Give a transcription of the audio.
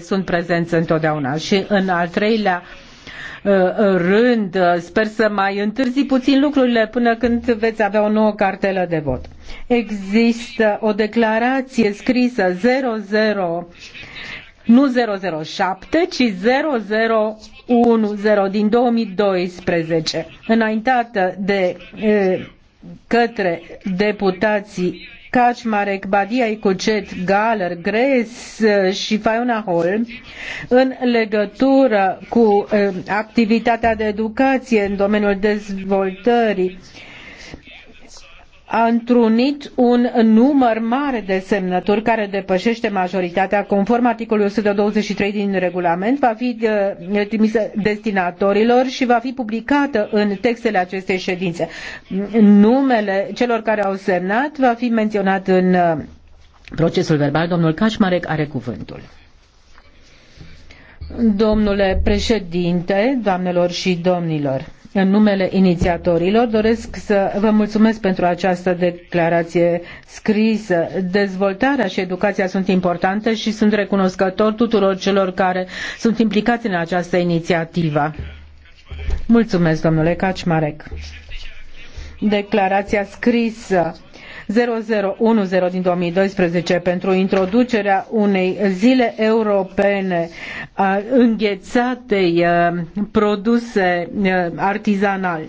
sunt prezenți întotdeauna. Și în al treilea uh, uh, rând, uh, sper să mai întârzi puțin lucrurile până când veți avea o nouă cartelă de vot. Există o declarație scrisă 00 nu 007, ci 0010 din 2012, înaintată de către deputații Kaczmarek, Badia Icucet, Galer, Gres și Fauna Hall în legătură cu activitatea de educație în domeniul dezvoltării a întrunit un număr mare de semnături care depășește majoritatea conform articolului 123 din regulament, va fi uh, trimisă destinatorilor și va fi publicată în textele acestei ședințe. Numele celor care au semnat va fi menționat în uh, procesul verbal. Domnul Cașmarec are cuvântul. Domnule președinte, doamnelor și domnilor, în numele inițiatorilor doresc să vă mulțumesc pentru această declarație scrisă. Dezvoltarea și educația sunt importante și sunt recunoscător tuturor celor care sunt implicați în această inițiativă. Mulțumesc, domnule Kaczmarek. Declarația scrisă 0010 din 2012 pentru introducerea unei zile europene a înghețatei produse artizanale.